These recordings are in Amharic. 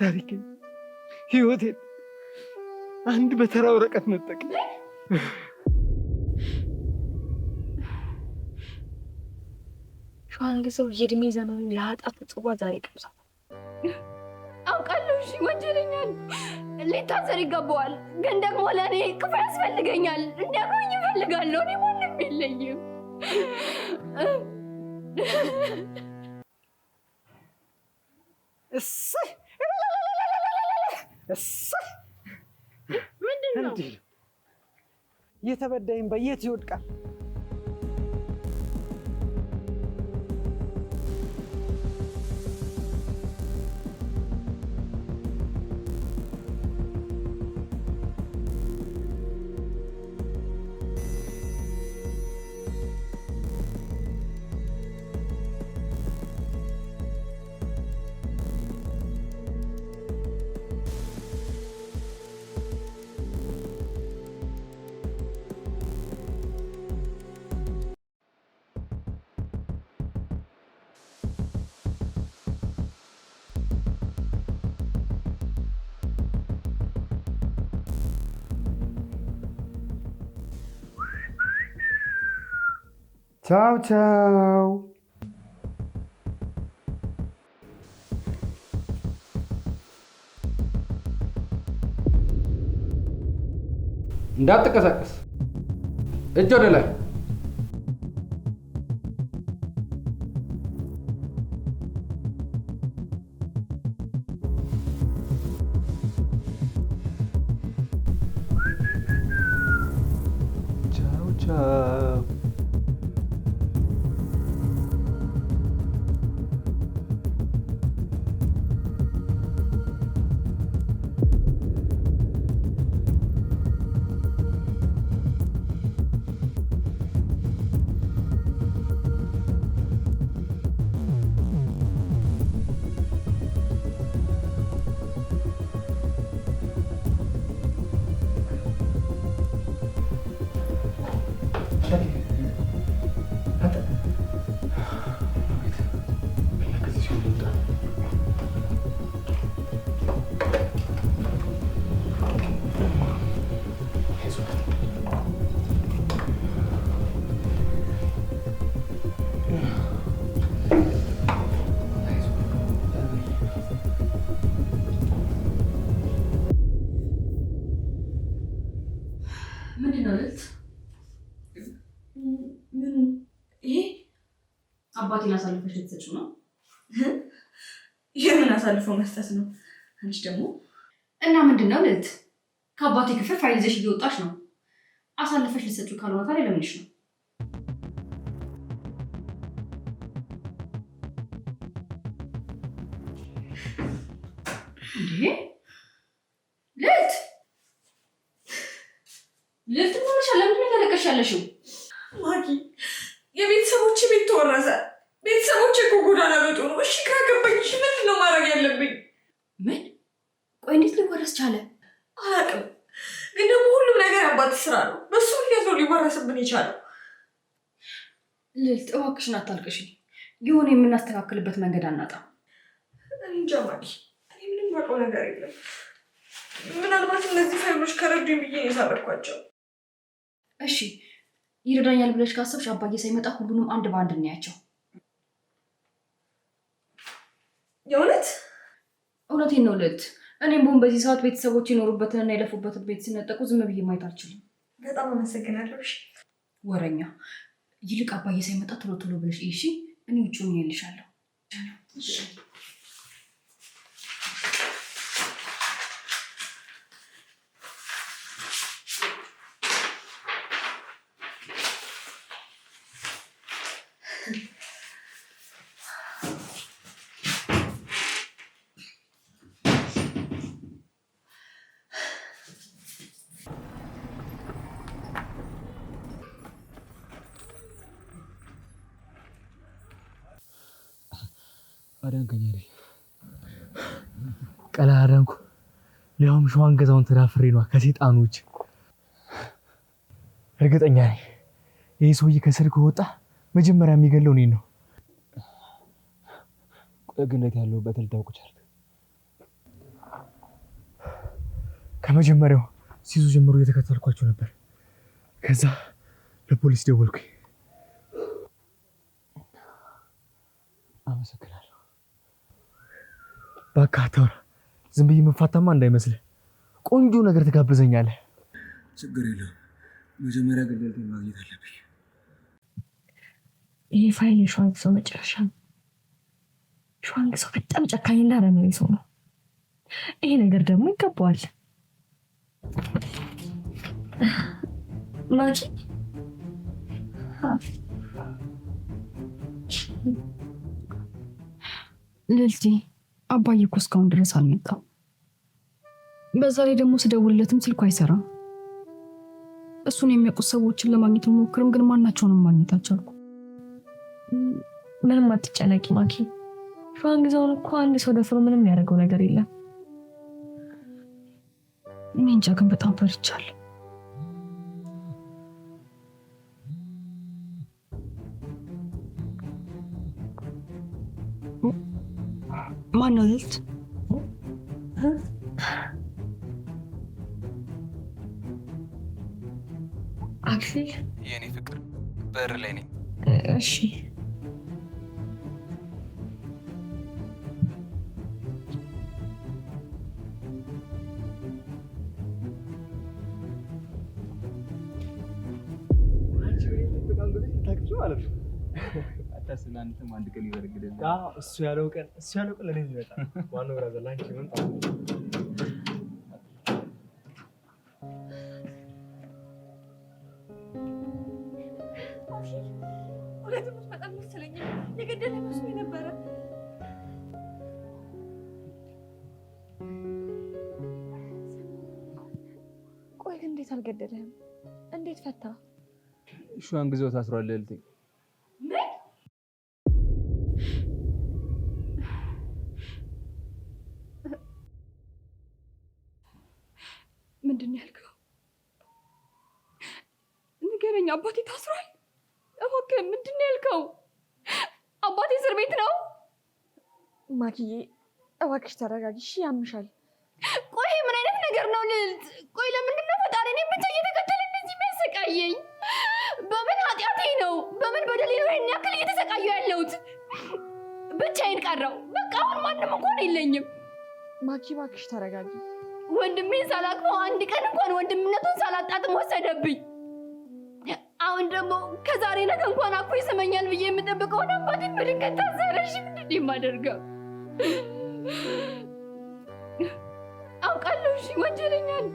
ታሪክ ህይወቴን አንድ በተራ ወረቀት ነጠቅ። ሸዋንግዛው የእድሜ ዘመኑን ለኃጢአት ጽዋ ዛሬ ቀምሷል። አውቃለሁ። እሺ ወንጀለኛል፣ ሊታሰር ይገባዋል። ግን ደግሞ ለእኔ ክፉ ያስፈልገኛል። እንዲያገኝ ይፈልጋለሁ። እኔ ማንም የለኝም። እስህ እሰይ ምንድን ነው? የተበዳይም በየት ይወድቃል። Chao, chao. Date casacas. le. Chao, chao. አባቴን አሳልፈሽ ልትሰጪው ነው? የምን አሳልፎ መስጠት ነው? አንቺ ደግሞ እና ምንድን ነው ልዕልት፣ ከአባቴ ክፍል ፋይል ይዘሽ እየወጣሽ ነው። አሳልፈሽ ልትሰጪው ካልሆነ ታዲያ ለምንሽ ነው? ልት ልት ልዕልት፣ ሆነሻል። ለምንድን ነው ያለቀሽ ማጊ የቤተሰቦች ቤት ተወረሰ። ቻለ? አያውቅም። ግን ደግሞ ሁሉም ነገር አባት ስራ ነው። በሱ ምክንያት ነው ሊወረስብን የቻለው። ልልት እባክሽን አታልቅሽ። የሆነ የምናስተካክልበት መንገድ አናጣም። እንጃ ማኪ፣ እኔ ምንም የማውቀው ነገር የለም። ምናልባት እነዚህ ፋይሎች ከረዱኝ ብዬ የሳበድኳቸው። እሺ ይረዳኛል ብለሽ ካሰብሽ አባዬ ሳይመጣ ሁሉንም አንድ በአንድ እናያቸው። የእውነት እውነቴን ነው ልልት እኔም ቦን በዚህ ሰዓት ቤተሰቦች ይኖሩበትንና የለፉበትን ቤት ሲነጠቁ ዝም ብዬ ማየት አልችልም። በጣም አመሰግናለሁ። ወረኛ ይልቅ አባዬ ሳይመጣ ቶሎ ቶሎ ብለሽ እሺ። እኔ ውጭ ሆኜ እልሻለሁ። አዳንከኝ ቀላ አዳንኩ። ሊያውም ሸዋን ገዛውን ተዳፍሬ ነዋ ከሴጣኖች። እርግጠኛ ነኝ ይህ ሰውዬ ከስር ከወጣ መጀመሪያ የሚገለው እኔን ነው። ቆይ ግን እንዴት ያለሁበት ከመጀመሪያው ሲይዙ ጀምሮ እየተከተልኳቸው ነበር። ከዛ ለፖሊስ ደወልኩኝ። በቃ አታውራ። ዝም ብዬ መፋታማ እንዳይመስልህ። ቆንጆ ነገር ትጋብዘኛለህ። ችግር የለውም። መጀመሪያ ግልገልት ማግኘት አለብኝ። ይህ ፋይል የሸዋንግ ሰው መጨረሻ ነው። ሸዋንግ ሰው በጣም ጨካኝና አረመኔ ሰው ነው። ይሄ ነገር ደግሞ ይገባዋል። ማኪ ልልቲ አባዬ እኮ እስካሁን ድረስ አልመጣም። በዛ ላይ ደግሞ ስደውልለትም ስልኩ አይሰራም። እሱን የሚያውቁት ሰዎችን ለማግኘት ሞክርም፣ ግን ማናቸውንም ማግኘት አልቻልኩ። ምንም አትጨነቂ ማኪ። ሸዋን ጊዜውን እኮ አንድ ሰው ደፍሮ ምንም ያደርገው ነገር የለም። እኔ እንጃ ግን በጣም ፈርቻለሁ። Arnold. አክፊ የኔ ፍቅር በር ላይ ነኝ። እሺ አንድ ቀን ይበርግደል። እሱ ያለው ቀን እሱ ያለው ቀን ለኔ ይመጣ። ዋናው ብራዘር ላንቺ መምጣ ቆይ ግን እንዴት አልገደለህም? እንዴት ፈታ? እሷን ጊዜው ታስሯል ምንድን ነው ያልከው? ንገረኝ። አባቴ ታስሯል? እባክህ ምንድን ነው ያልከው? አባቴ እስር ቤት ነው። ማክዬ እባክሽ ተረጋጊሽ፣ ያምሻል። ቆይ ምን አይነት ነገር ነው ልልት? ቆይ ለምንድን ነው ፈጣሪ እኔን ብቻ እየተከተለ እንደዚህ የሚያሰቃየኝ? በምን ኃጢአቴ ነው? በምን በደሌ ነው ይህን ያክል እየተሰቃየሁ ያለሁት? ብቻዬን ቀረው። በቃ አሁን ማንም እንኳን የለኝም። ማኪ እባክሽ ተረጋጊ። ወንድሜን ሳላቅፈው አንድ ቀን እንኳን ወንድምነቱን ሳላጣጥም ወሰደብኝ። አሁን ደግሞ ከዛሬ ነገ እንኳን አኩ ይሰማኛል ብዬ የምጠብቀውን አባቴ በድንገት ታሰረሽ። ምንድን የማደርገው አውቃለሁ። እሺ ወንጀለኛል፣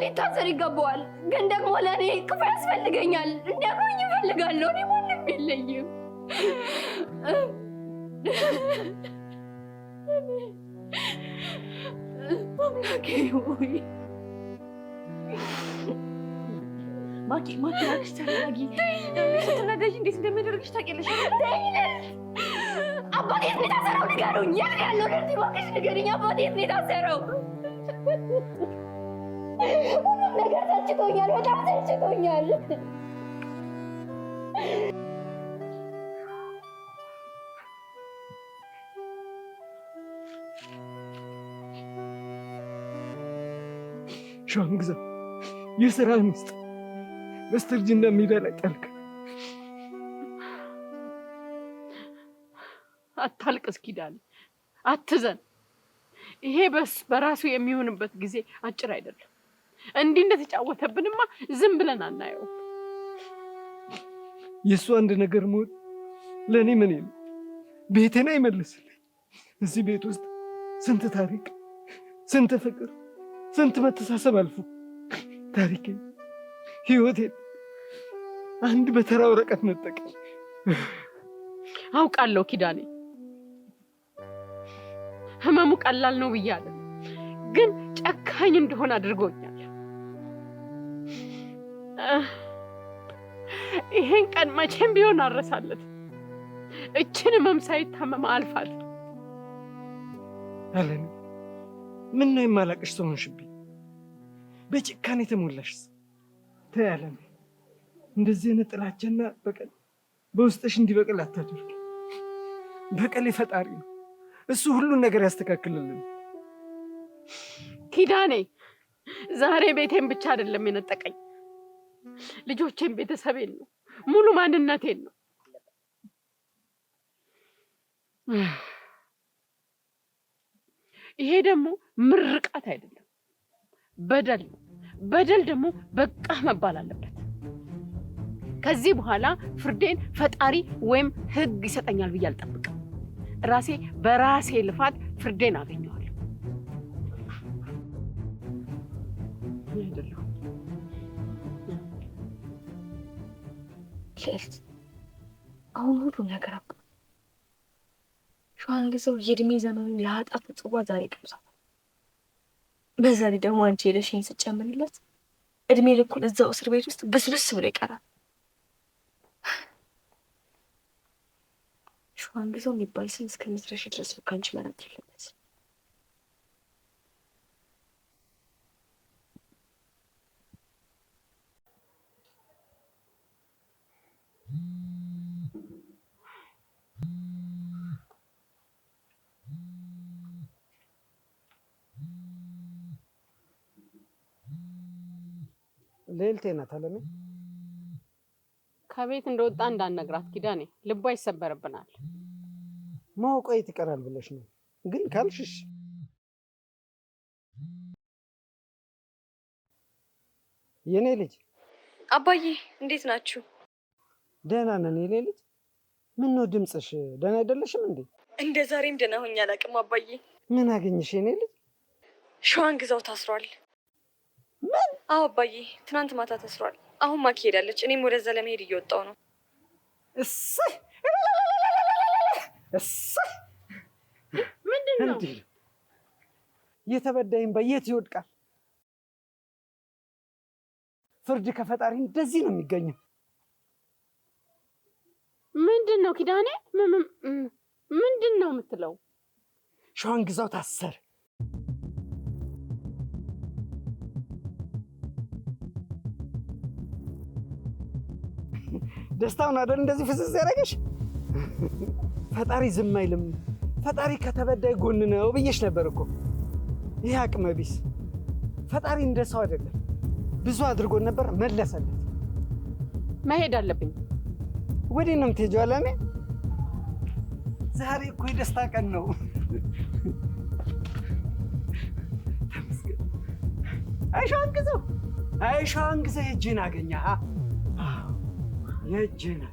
ሊታሰር ይገባዋል። ግን ደግሞ ለእኔ ክፉ ያስፈልገኛል፣ እንዲያገኝ ይፈልጋለሁ። እኔ ማንም የለኝም። Mommy, okay, boy. Maki, maki, aku cari lagi. Tapi satu nada yang di sini memang lebih tak kira. Tapi apa dia ni tak negarunya? Dia lu nanti maki si negarinya apa dia ni tak serau? Mama negar tak cintunya, lu tak cintunya. እርሻን ግዛ፣ የስራ ስጥ፣ በስተርጅና ሜዳ ጠልቅ። አታልቅስ ኪዳነ፣ አትዘን። ይሄ በስ በራሱ የሚሆንበት ጊዜ አጭር አይደለም። እንዲህ እንደተጫወተብንማ ዝም ብለን አናየው? የእሱ አንድ ነገር ሞት ለእኔ ምን ነው ቤቴን አይመልስልኝ። እዚህ ቤት ውስጥ ስንት ታሪክ ስንት ፍቅር ስንት መተሳሰብ አልፎ ታሪኬ ህይወቴን አንድ በተራ ወረቀት ነጠቀኝ። አውቃለሁ ኪዳኔ፣ ህመሙ ቀላል ነው ብያለሁ፣ ግን ጨካኝ እንደሆነ አድርጎኛል። ይሄን ቀን መቼም ቢሆን አረሳለት። እችን ህመም ሳይታመም አልፋል አለን ምን ነው የማላቅሽ ሰው ሆንሽብኝ። በጭካኔ የተሞላሽ ተያለም እንደዚህ አይነት ጥላቻና በቀል በውስጥሽ እንዲበቅል አታድርግ። በቀል ፈጣሪ ነው፣ እሱ ሁሉን ነገር ያስተካክልልን። ኪዳኔ ዛሬ ቤቴን ብቻ አይደለም የነጠቀኝ፣ ልጆቼን፣ ቤተሰቤን ነው ሙሉ ማንነቴን ነው። ይሄ ደግሞ ምርቃት አይደለም፣ በደል በደል ደግሞ በቃ መባል አለበት። ከዚህ በኋላ ፍርዴን ፈጣሪ ወይም ህግ ይሰጠኛል ብዬ አልጠብቅም። ራሴ በራሴ ልፋት ፍርዴን አገኘዋለሁ። ልዕልት፣ አሁን ሁሉ ነገር ሸዋን ሰው የእድሜ ዘመኑ ለአጣፍ ጽዋ ዛሬ ቀምሷል። በዛ ላይ ደግሞ አንቺ የለሽኝ ስጨምርለት እድሜ ልኩን እዛው እስር ቤት ውስጥ ብስብስ ብሎ ይቀራል። ሸዋን ሰው የሚባል ስም እስከ መስረሽ ድረስ ከአንቺ መራቅ የለበትም። ሌልቴ ናት አለሜ። ከቤት እንደወጣ እንዳነግራት ኪዳኔ፣ ልቧ ይሰበርብናል። መውቀይት ይቀራል ብለሽ ነው ግን ካልሽሽ የኔ ልጅ አባዬ፣ እንዴት ናችሁ? ደህና ነን የኔ ልጅ። ምን ነው ድምፅሽ? ደህና አይደለሽም እንዴ? እንደ ዛሬም ደህና ሆኜ አላውቅም አባዬ። ምን አገኘሽ የኔ ልጅ? ሸዋን ግዛው ታስሯል። ምን? አዎ አባዬ፣ ትናንት ማታ ተስሯል። አሁን ማኪ ሄዳለች። እኔም ወደዛ ለመሄድ እየወጣው ነው። እስህ እስህ ምንድን ነው የተበዳይም በየት ይወድቃል። ፍርድ ከፈጣሪ እንደዚህ ነው የሚገኘው። ምንድን ነው ኪዳኔ? ምንድን ነው የምትለው? ሸዋን ግዛው ታሰር ደስታውን አይደል እንደዚህ ፍስስ ያደረገሽ? ፈጣሪ ዝም አይልም። ፈጣሪ ከተበዳይ ጎን ነው ብዬሽ ነበር እኮ። ይህ አቅመ ቢስ ፈጣሪ እንደ ሰው አይደለም። ብዙ አድርጎን ነበር፣ መለሰለት። መሄድ አለብኝ። ወዴት ነው የምትሄጂው? ዛሬ እኮ የደስታ ቀን ነው። አይሻን ግዘው፣ አይሻን ግዘው፣ እጅን አገኘ የእጅ ናት።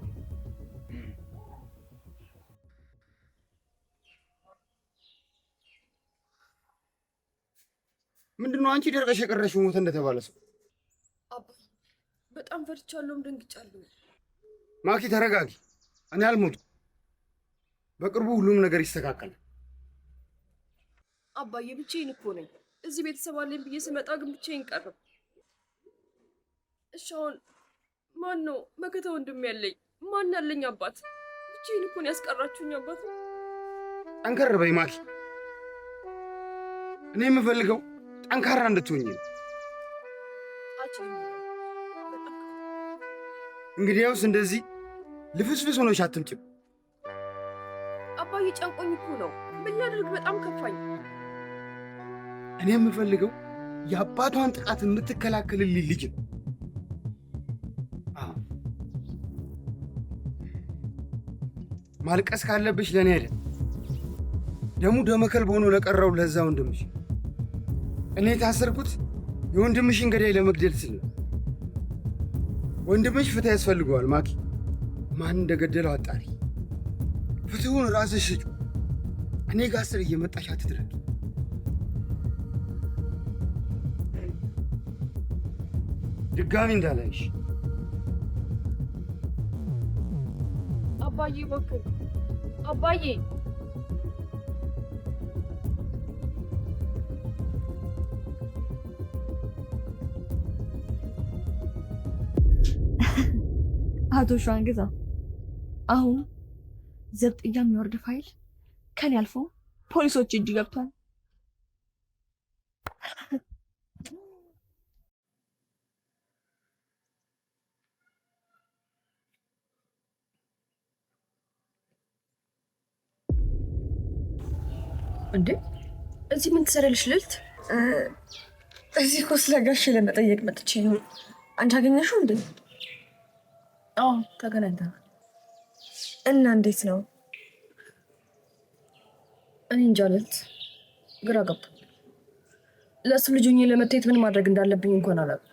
ምንድን ነው አንቺ ደርቀሽ የቀረሽ ሞተ እንደተባለ ሰው አባ፣ በጣም ፈርቻለሁም ደንግጫለሁ። ማኪ ተረጋጊ፣ እኔ አልሞትኩም። በቅርቡ ሁሉም ነገር ይስተካከላል። አባዬ ብቻዬን እኮ ነኝ። እዚህ ቤተሰብ አለኝ ብዬ ስመጣ ግን ብቻዬን ቀረሁ። እሺ አሁን ማን ነው መከተ ወንድም ያለኝ? ማን ያለኝ? አባት ብቻዬን እኮ ነው ያስቀራችሁኝ። አባት ጠንከር በይ ማኪ። እኔ የምፈልገው ጠንካራ እንድትሆኝ ነው። እንግዲያውስ እንደዚህ ልፍስፍስ ሆነሽ አትምጭም። አባዬ ጨንቆኝ እኮ ነው። ምን ላድርግ? በጣም ከፋኝ። እኔ የምፈልገው የአባቷን ጥቃት የምትከላከልልኝ ልጅ ነው። ማልቀስ ካለብሽ ለእኔ አይደል፣ ደሙ ደመከል ሆኖ ለቀረው ለዛ ወንድምሽ። እኔ የታሰርኩት የወንድምሽን ገዳይ ለመግደል ስል ነው። ወንድምሽ ፍትህ ያስፈልገዋል ማኪ። ማን እንደገደለው አጣሪ። ፍትሁን ራስሽ ስጩ። እኔ ጋር ስር እየመጣሽ አትድረግ። ድጋሚ እንዳለሽ አባዬ እባክህ አባዬ አቶ ሸዋን ግዛ አሁን ዘብጥያ የሚወርድ ፋይል ከኔ አልፎ ፖሊሶች እጅ ገብቷል። እንዴ እዚህ ምን ትሰራለሽ ልዕልት? እዚህ እኮ ስለ ጋሼ ለመጠየቅ መጥቼ ነው። አንቺ አገኘሽው እንዴ? አዎ ተገናኝተናል። እና እንዴት ነው? እኔ እንጃ ልዕልት፣ ግራ ገባኝ። ለእሱ ልጅ ሆኜ ለመታየት ምን ማድረግ እንዳለብኝ እንኳን አላውቅም።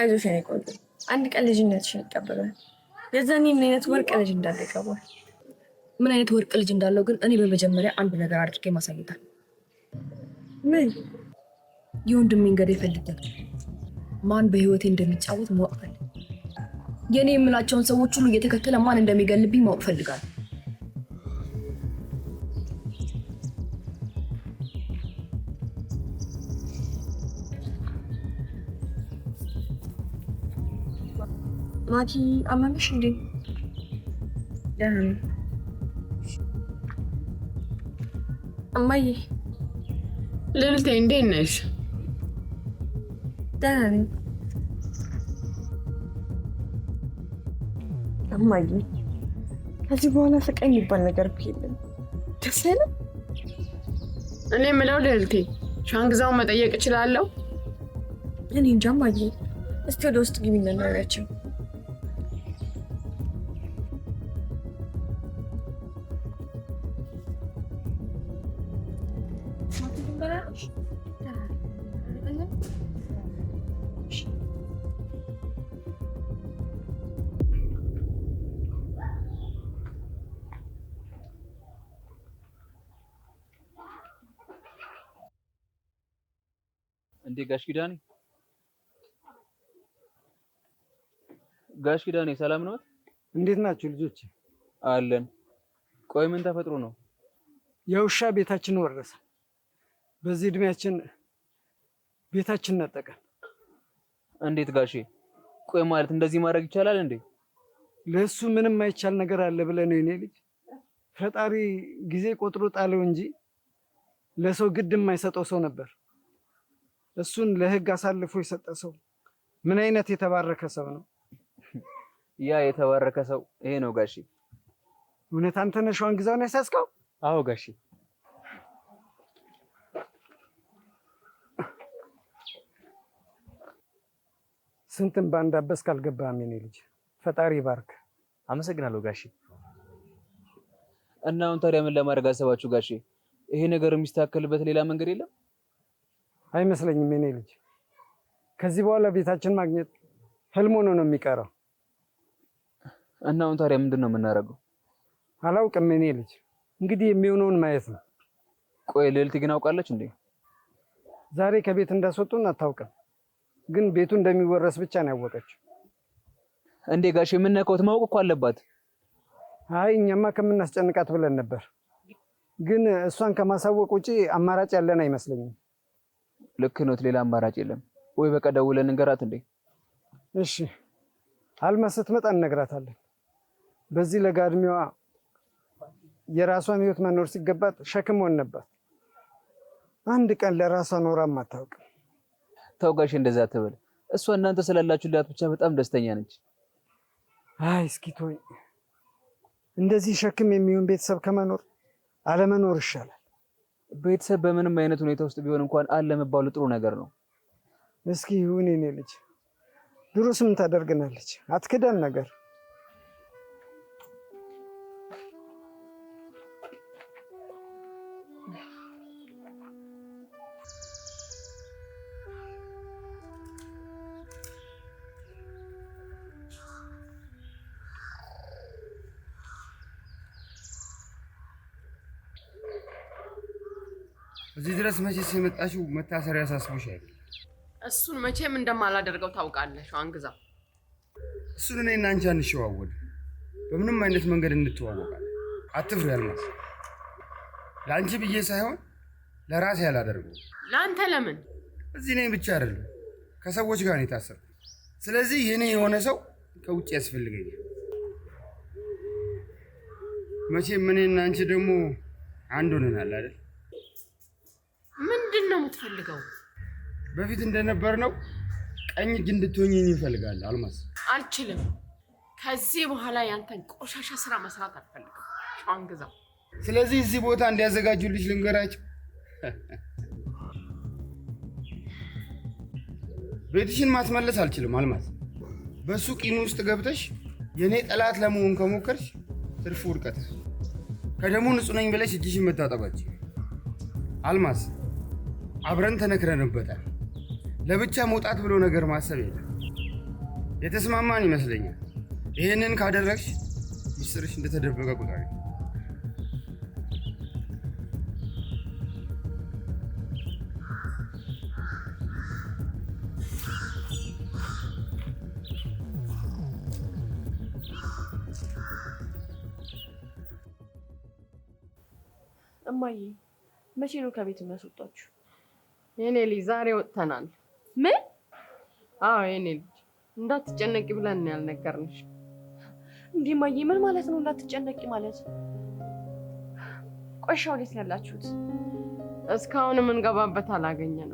አይዞሽ፣ እኔ ቆንጆ አንድ ቀን ልጅነትሽን ይቀበላል። የዛኔ ምን አይነት ወርቅ ልጅ እንዳለ ይገባል። ምን አይነት ወርቅ ልጅ እንዳለው ግን እኔ በመጀመሪያ አንድ ነገር አድርጌ ማሳየታል። ምን የወንድሜን ገዳይ ይፈልጋል። ማን በህይወቴ እንደሚጫወት ማወቅ ፈልግ። የእኔ የምላቸውን ሰዎች ሁሉ እየተከተለ ማን እንደሚገልብኝ ማወቅ ፈልጋል። ማቲ አመመሽ እንዴ? ደህና እማዬ ልልቴ እንዴት ነሽ? ደህና ነኝ እማዬ። ከዚህ በኋላ ስቃይ የሚባል ነገር ብሄልን ደስ አይልም። እኔ የምለው ልልቴ ሻንግዛው መጠየቅ እችላለሁ? እኔ እንጃ እማዬ። እስቲ ወደ ውስጥ ግቢ እናናገራቸው ጋሽ ኪዳኔ ጋሽ ኪዳኔ ሰላም ነው? እንዴት ናችሁ ልጆች? አለን። ቆይ ምን ተፈጥሮ ነው? የውሻ ቤታችን ወረሰ። በዚህ እድሜያችን ቤታችን ነጠቀን። እንዴት ጋሼ? ቆይ ማለት እንደዚህ ማድረግ ይቻላል እንዴ? ለሱ ምንም አይቻል ነገር አለ ብለህ ነው የኔ ልጅ? ፈጣሪ ጊዜ ቆጥሮ ጣለው እንጂ ለሰው ግድ የማይሰጠው ሰው ነበር። እሱን ለህግ አሳልፎ የሰጠ ሰው ምን አይነት የተባረከ ሰው ነው? ያ የተባረከ ሰው ይሄ ነው ጋሺ። እውነት አንተ ነህ ሸዋን ግዛውን ያሳስከው? አዎ ጋሺ። ስንትን ባንዳበስ ካልገባህም የኔ ልጅ ፈጣሪ ባርክ። አመሰግናለሁ ጋሺ። እና አሁን ታዲያ ምን ለማድረግ አሰባችሁ ጋሺ? ይሄ ነገር የሚስተካከልበት ሌላ መንገድ የለም? አይመስለኝም። የኔ ልጅ ከዚህ በኋላ ቤታችን ማግኘት ህልም ሆኖ ነው የሚቀረው። እና አሁን ታዲያ ምንድን ነው የምናደርገው? አላውቅም የኔ ልጅ እንግዲህ የሚሆነውን ማየት ነው። ቆይ ሉሊት ግን አውቃለች እንዴ? ዛሬ ከቤት እንዳስወጡን አታውቅም፣ ግን ቤቱ እንደሚወረስ ብቻ ነው ያወቀችው። እንዴ ጋሽ የምነካውት ማወቅ እኮ አለባት። አይ እኛማ ከምናስጨንቃት ብለን ነበር፣ ግን እሷን ከማሳወቅ ውጪ አማራጭ ያለን አይመስለኝም። ልክ ነው። ሌላ አማራጭ የለም ወይ? በቃ ደውለን እንገራት እንዴ? እሺ፣ አልማ ስትመጣ እንነግራታለን። በዚህ ለጋ እድሜዋ የራሷን ህይወት መኖር ሲገባት ሸክም ሆነባት። አንድ ቀን ለራሷ ኖራም አታውቅም። ታውጋሽ፣ እንደዛ ትበል። እሷ እናንተ ስላላችሁላት ብቻ በጣም ደስተኛ ነች። አይ እስኪቶይ እንደዚህ ሸክም የሚሆን ቤተሰብ ከመኖር አለመኖር ይሻላል። ቤተሰብ በምንም አይነት ሁኔታ ውስጥ ቢሆን እንኳን አለ መባሉ ጥሩ ነገር ነው። እስኪ ይሁን የኔ ልጅ ድሮስ ምን ታደርግናለች? አትክዳን ነገር እዚህ ድረስ መቼስ የመጣሽው መታሰሪያ አይደል? እሱን መቼም እንደማላደርገው ታውቃለሽ። አንግዛ እሱን እኔ እና አንቺ በምንም አይነት መንገድ እንተዋወቃለን። አትፍሪ አልማዝ። ለአንቺ ብዬ ሳይሆን ለራሴ ያላደርገው። ለአንተ ለምን? እዚህ እኔ ብቻ አይደለም ከሰዎች ጋር ነው ስለዚህ የኔ የሆነ ሰው ከውጭ ያስፈልገኛል። መቼም እኔና አንቺ ደግሞ አንድ ሆነናል አይደል? ምንድን ነው የምትፈልገው? በፊት እንደነበር ነው። ቀኝ እጅ እንድትሆኝ ይፈልጋል አልማዝ። አልችልም። ከዚህ በኋላ ያንተን ቆሻሻ ስራ መስራት አልፈልግም። ሸዋን ስለዚህ እዚህ ቦታ እንዲያዘጋጁልሽ ልንገራቸው። ቤትሽን ማስመለስ አልችልም አልማዝ። በሱ ቂም ውስጥ ገብተሽ የእኔ ጠላት ለመሆን ከሞከርሽ ትርፉ ውድቀት። ከደሙ ንጹህ ነኝ ብለሽ እጅሽን መታጠባች አልማዝ አብረን ተነክረንበታል። ለብቻ መውጣት ብሎ ነገር ማሰብ የለም። የተስማማን ይመስለኛል። ይህንን ካደረግሽ ምስርሽ እንደተደበቀ ቁጠሪ። እማዬ፣ መቼ ነው ከቤት የሚያስወጣችሁ? የኔ ልጅ ዛሬ ወጥተናል። ምን? አዎ የኔ ልጅ እንዳትጨነቂ ብለን ነው ያልነገርንሽ። እንዲህ ማየ ምን ማለት ነው እንዳትጨነቂ ማለት? ቆሻው እንዴት ነው ያላችሁት? እስካሁን የምንገባበት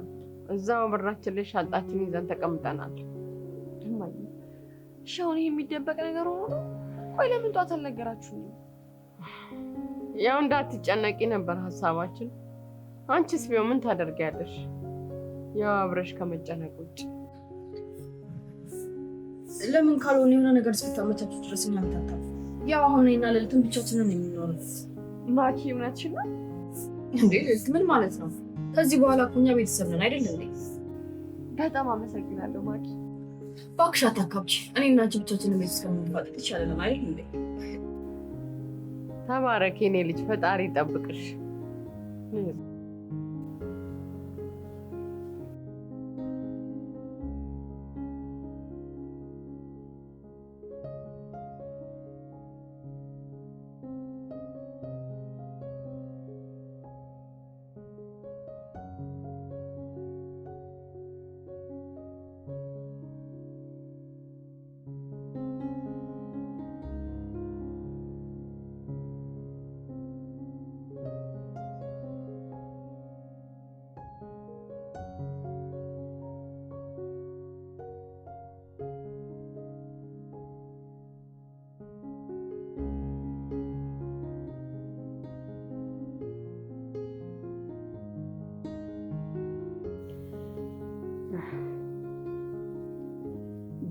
ነው። እዛው ብራችን ላይ ሻንጣችን ይዘን ተቀምጠናል። ሻውን ይሄ የሚደበቅ ነገር ሆኖ ቆይ ለምን ጧት አልነገራችሁም? ያው እንዳትጨነቂ ነበር ሀሳባችን አንቺስ ቢሆን ምን ታደርጊያለሽ? ያው አብረሽ ከመጨነቅ ውጭ ለምን ካልሆነ የሆነ ነገር እስክታመቻችሁ ድረስ እናምታታል። ያው አሁን እኔና ሌሊቱን ብቻችንን የሚኖሩት ማኪ፣ እውነትሽን ነው እንዴ? ሌሊት ምን ማለት ነው? ከዚህ በኋላ እኮ እኛ ቤተሰብ ነን አይደል እንዴ? በጣም አመሰግናለሁ ማኪ። እባክሽ አታካብች። እኔ እና አንቺ ብቻችንን ቤት እስከምንፋጠጥ ይቻለናል አይደል እንዴ? ተባረክ የኔ ልጅ፣ ፈጣሪ ይጠብቅሽ።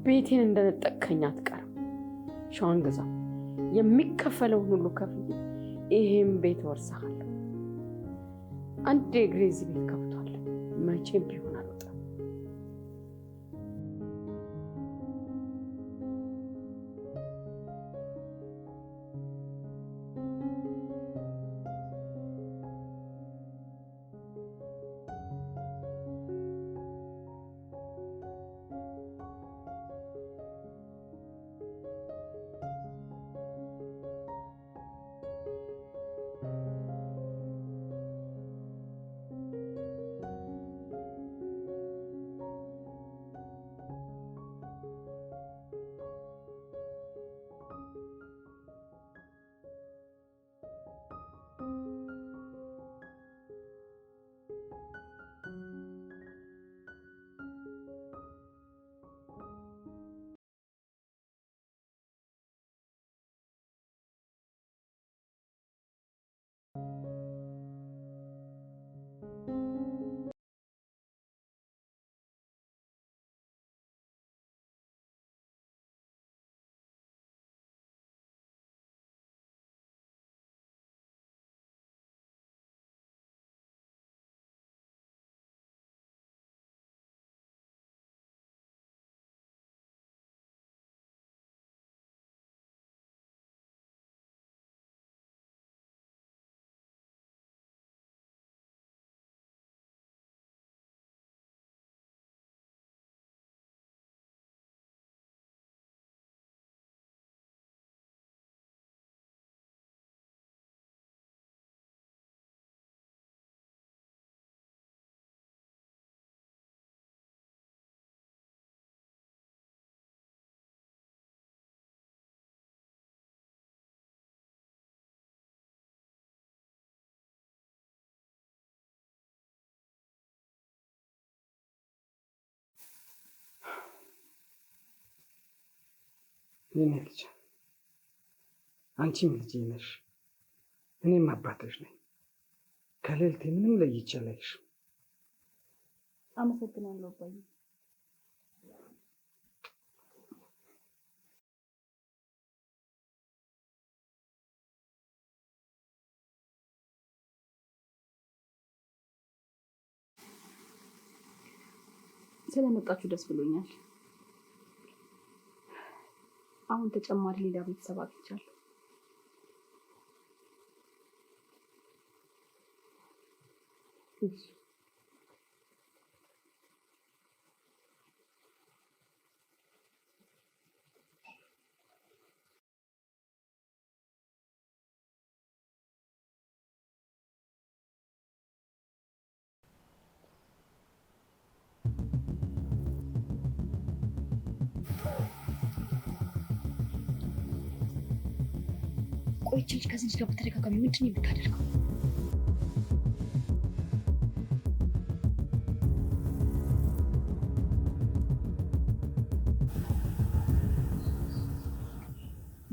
ቤቴን እንደነጠቅከኝ አትቀርም። ሸዋን ግዛ፣ የሚከፈለውን ሁሉ ከፍዬ ይህም ቤት ወርሰሃለሁ። አንድ እግሬ ቤት ከብቷል። መቼም ቢሆን የኔ ልጅ አንቺም ልጄ ነሽ፣ እኔም አባትሽ ነኝ። ከልዕልቴ ምንም ለይቼ አላይሽም። አመሰግናለሁ አባዬ። ስለመጣችሁ ደስ ብሎኛል። አሁን ተጨማሪ ሌላ ቤተሰብ አግኝቻለሁ። እሺ እንደው በተደጋጋሚ ምንድን የምታደርገው?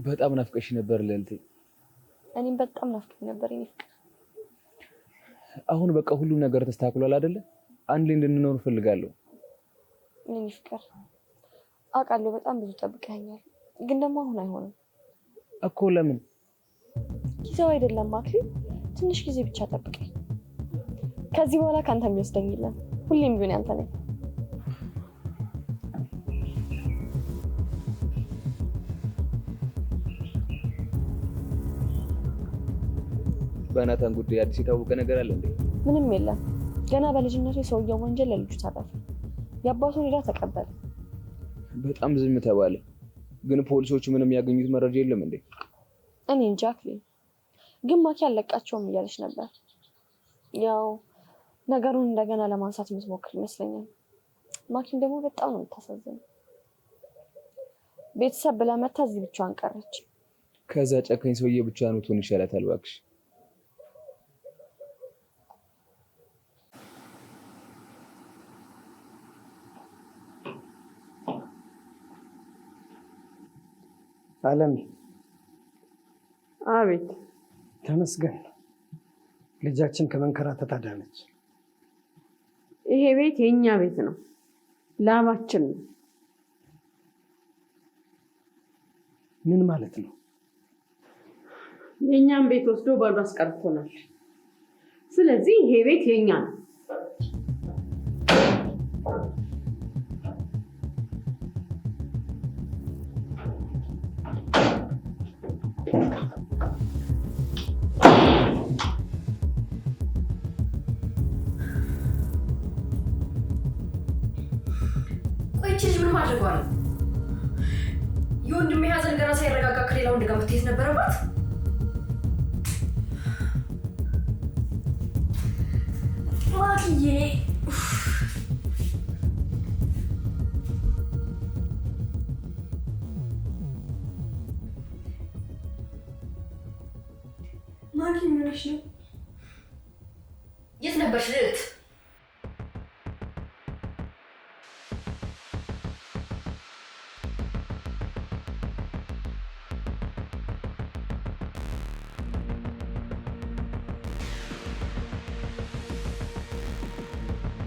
በጣም ናፍቀሽ ነበር ለልቴ። እኔም በጣም ናፍቀኝ ነበር። አሁን በቃ ሁሉም ነገር ተስተካክሏል አይደለ? አንድ ላይ እንድንኖር እፈልጋለሁ። ምን ፍቅር አውቃለሁ። በጣም ብዙ ጠብቀኸኛል፣ ግን ደግሞ አሁን አይሆንም እኮ ለምን ጊዜው አይደለም አክሊል፣ ትንሽ ጊዜ ብቻ ጠብቀኝ። ከዚህ በኋላ ከአንተ የሚወስደኝ የለም። ሁሌም ቢሆን ያንተ ነኝ። በናታን ጉዳይ አዲስ የታወቀ ነገር አለ እንዴ? ምንም የለም። ገና በልጅነቱ የሰውየው ወንጀል ለልጁ ተረፈ። የአባቱን ዕዳ ተቀበለ። በጣም ዝም ተባለ። ግን ፖሊሶቹ ምንም ያገኙት መረጃ የለም እንዴ? እኔ እንጃ አክሊል ግን ማኪ አለቃቸውም እያለች ነበር። ያው ነገሩን እንደገና ለማንሳት የምትሞክር ይመስለኛል። ማኪም ደግሞ በጣም ነው የምታሳዝነው። ቤተሰብ ብላ መታ እዚህ ብቻዋን ቀረች። ከዛ ጨካኝ ሰውዬ ብቻዋን ብትሆን ይሻላታል እባክሽ። አለሜ አቤት ተመስገን ልጃችን ከመንከራተት አዳነች። ይሄ ቤት የእኛ ቤት ነው፣ ላማችን ነው። ምን ማለት ነው? የእኛም ቤት ወስዶ ባዶ አስቀርቶናል። ስለዚህ ይሄ ቤት የእኛ ነው። ነው። የወንድሜ ሐዘን ገና ሳይረጋጋ ከሌላ ወንድ ጋር መታየት ነበረባት። ማክዬ